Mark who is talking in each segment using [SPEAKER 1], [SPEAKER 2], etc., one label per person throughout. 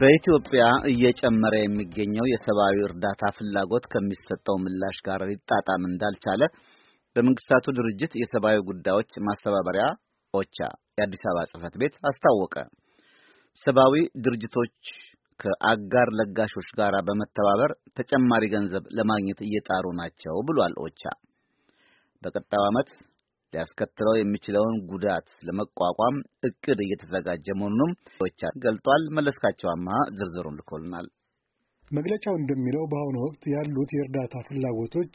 [SPEAKER 1] በኢትዮጵያ እየጨመረ የሚገኘው የሰብአዊ እርዳታ ፍላጎት ከሚሰጠው ምላሽ ጋር ሊጣጣም እንዳልቻለ በመንግስታቱ ድርጅት የሰብአዊ ጉዳዮች ማስተባበሪያ ኦቻ የአዲስ አበባ ጽህፈት ቤት አስታወቀ። ሰብአዊ ድርጅቶች ከአጋር ለጋሾች ጋር በመተባበር ተጨማሪ ገንዘብ ለማግኘት እየጣሩ ናቸው ብሏል ኦቻ። በቀጣዩ ዓመት ሊያስከትለው የሚችለውን ጉዳት ለመቋቋም እቅድ እየተዘጋጀ መሆኑንም ቻ ገልጧል። መለስካቸዋማ ዝርዝሩን ልኮልናል።
[SPEAKER 2] መግለጫው እንደሚለው በአሁኑ ወቅት ያሉት የእርዳታ ፍላጎቶች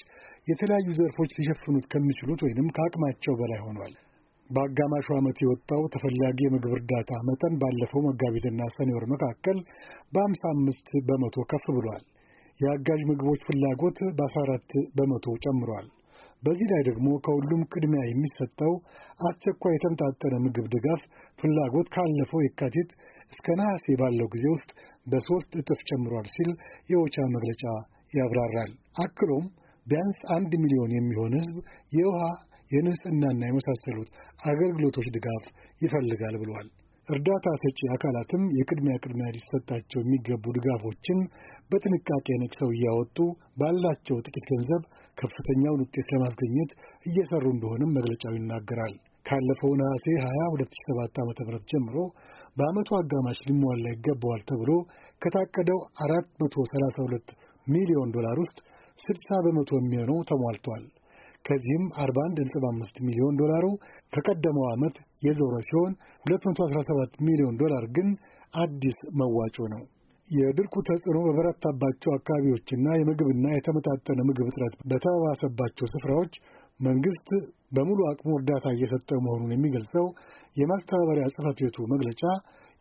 [SPEAKER 2] የተለያዩ ዘርፎች ሊሸፍኑት ከሚችሉት ወይንም ከአቅማቸው በላይ ሆኗል። በአጋማሹ ዓመት የወጣው ተፈላጊ የምግብ እርዳታ መጠን ባለፈው መጋቢትና ሰኔ ወር መካከል በአምሳ አምስት በመቶ ከፍ ብሏል። የአጋዥ ምግቦች ፍላጎት በአስራ አራት በመቶ ጨምሯል። በዚህ ላይ ደግሞ ከሁሉም ቅድሚያ የሚሰጠው አስቸኳይ የተመጣጠነ ምግብ ድጋፍ ፍላጎት ካለፈው የካቲት እስከ ነሐሴ ባለው ጊዜ ውስጥ በሦስት እጥፍ ጨምሯል ሲል የኦቻ መግለጫ ያብራራል። አክሎም ቢያንስ አንድ ሚሊዮን የሚሆን ሕዝብ የውሃ የንጽህናና የመሳሰሉት አገልግሎቶች ድጋፍ ይፈልጋል ብሏል። እርዳታ ሰጪ አካላትም የቅድሚያ ቅድሚያ ሊሰጣቸው የሚገቡ ድጋፎችን በጥንቃቄ ነቅሰው እያወጡ ባላቸው ጥቂት ገንዘብ ከፍተኛውን ውጤት ለማስገኘት እየሰሩ እንደሆንም መግለጫው ይናገራል። ካለፈው ነሐሴ 20 2007 ም ጀምሮ በዓመቱ አጋማሽ ሊሟላ ይገባዋል ተብሎ ከታቀደው 432 ሚሊዮን ዶላር ውስጥ 60 በመቶ የሚሆነው ተሟልቷል። ከዚህም 41.5 ሚሊዮን ዶላሩ ከቀደመው ዓመት የዞረ ሲሆን 217 ሚሊዮን ዶላር ግን አዲስ መዋጮ ነው። የድርቁ ተጽዕኖ በበረታባቸው አካባቢዎችና የምግብና የተመጣጠነ ምግብ እጥረት በተባባሰባቸው ስፍራዎች መንግስት በሙሉ አቅሙ እርዳታ እየሰጠ መሆኑን የሚገልጸው የማስተባበሪያ ጽፈት ቤቱ መግለጫ፣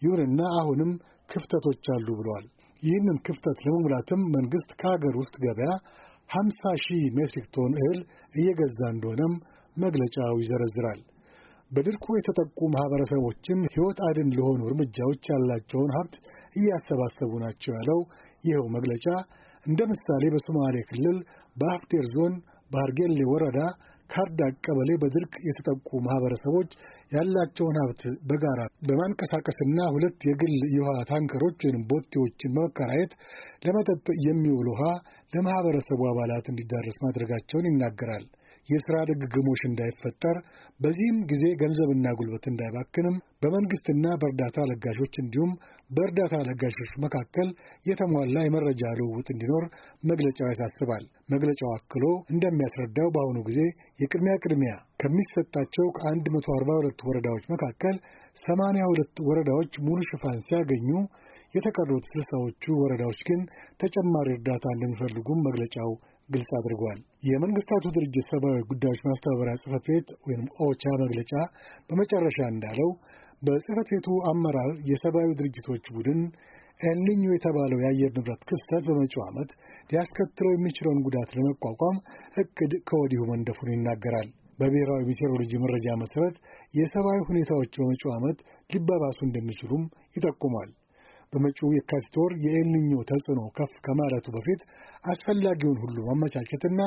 [SPEAKER 2] ይሁንና አሁንም ክፍተቶች አሉ ብለዋል። ይህንን ክፍተት ለመሙላትም መንግስት ከሀገር ውስጥ ገበያ 50 ሺህ ሜትሪክ ቶን እህል እየገዛ እንደሆነም መግለጫው ይዘረዝራል። በድርቁ የተጠቁ ማህበረሰቦችም ሕይወት አድን ለሆኑ እርምጃዎች ያላቸውን ሀብት እያሰባሰቡ ናቸው ያለው ይኸው መግለጫ እንደ ምሳሌ በሶማሌ ክልል በአፍዴር ዞን በአርጌሌ ወረዳ ካርዳ ቀበሌ በድርቅ የተጠቁ ማህበረሰቦች ያላቸውን ሀብት በጋራ በማንቀሳቀስና ሁለት የግል የውሃ ታንከሮች ወይም ቦቴዎችን በመከራየት ለመጠጥ የሚውል ውሃ ለማህበረሰቡ አባላት እንዲዳረስ ማድረጋቸውን ይናገራል። የሥራ ድግግሞሽ እንዳይፈጠር በዚህም ጊዜ ገንዘብና ጉልበት እንዳይባክንም በመንግሥትና በእርዳታ ለጋሾች እንዲሁም በእርዳታ ለጋሾች መካከል የተሟላ የመረጃ ልውውጥ እንዲኖር መግለጫው ያሳስባል። መግለጫው አክሎ እንደሚያስረዳው በአሁኑ ጊዜ የቅድሚያ ቅድሚያ ከሚሰጣቸው ከ142 ወረዳዎች መካከል 82 ወረዳዎች ሙሉ ሽፋን ሲያገኙ የተቀሩት ስልሳዎቹ ወረዳዎች ግን ተጨማሪ እርዳታ እንደሚፈልጉም መግለጫው ግልጽ አድርጓል። የመንግስታቱ ድርጅት ሰብአዊ ጉዳዮች ማስተባበሪያ ጽህፈት ቤት ወይም ኦቻ መግለጫ በመጨረሻ እንዳለው በጽህፈት ቤቱ አመራር የሰብአዊ ድርጅቶች ቡድን ኤልኒኞ የተባለው የአየር ንብረት ክስተት በመጪው ዓመት ሊያስከትለው የሚችለውን ጉዳት ለመቋቋም እቅድ ከወዲሁ መንደፉን ይናገራል። በብሔራዊ ሜቴሮሎጂ መረጃ መሠረት የሰብአዊ ሁኔታዎች በመጪው ዓመት ሊባባሱ እንደሚችሉም ይጠቁማል። በመጪው የካቲት ወር የኤልኒኞ ተጽዕኖ ከፍ ከማለቱ በፊት አስፈላጊውን ሁሉ ማመቻቸትና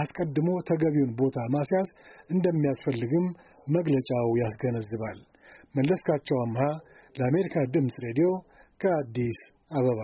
[SPEAKER 2] አስቀድሞ ተገቢውን ቦታ ማስያዝ እንደሚያስፈልግም መግለጫው ያስገነዝባል። መለስካቸው አምሃ ለአሜሪካ ድምፅ ሬዲዮ ከአዲስ አበባ